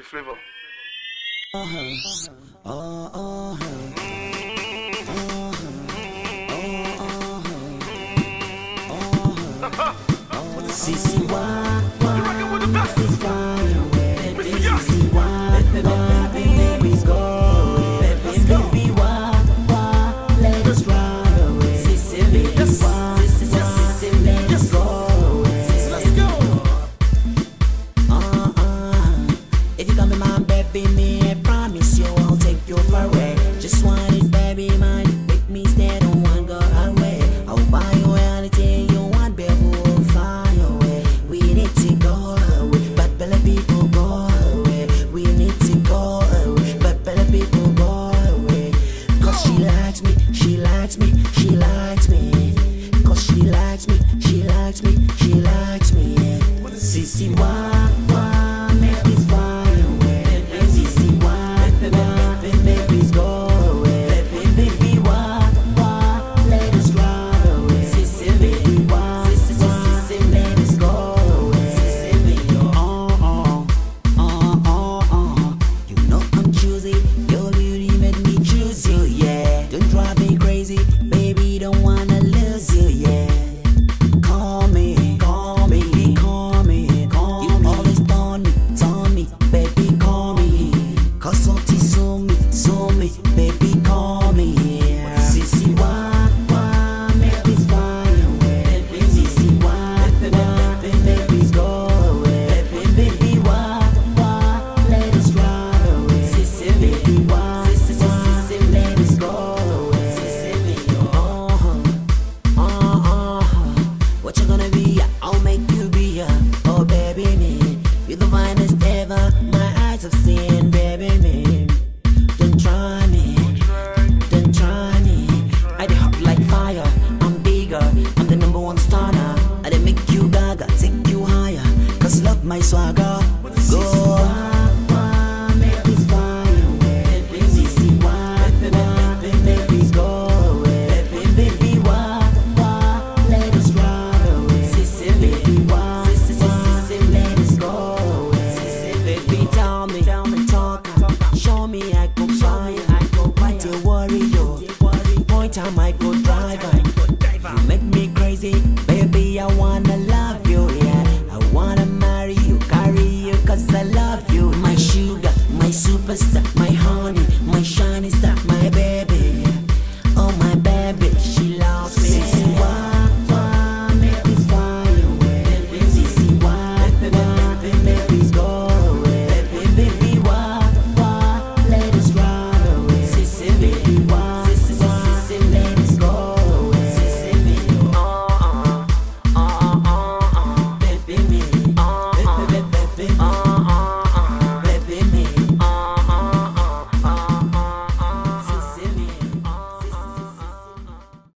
the flavor. uh she likes me, she likes me. Cause she likes me, she likes me, she likes me. See, see why? don't wanna lose you, yeah. Call me, call me, call me, call you me. always turn me, turn me, baby, call me. Cause something so me, so me, baby, call me, yeah. Sissy, why? Baby, why? mais uma Cause I love you, my sugar, my superstar, my home.